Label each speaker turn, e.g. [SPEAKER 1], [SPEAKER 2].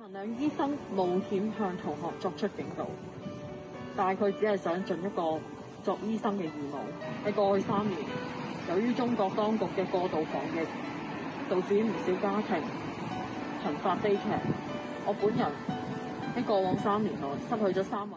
[SPEAKER 1] 文亮醫生冒險向同學作出警告，但係佢只係想盡一個作醫生嘅義務。喺過去三年，由於中國當局嘅過度防疫，導致唔少家庭頻發悲劇。我本人喺過往三年內失去咗三位。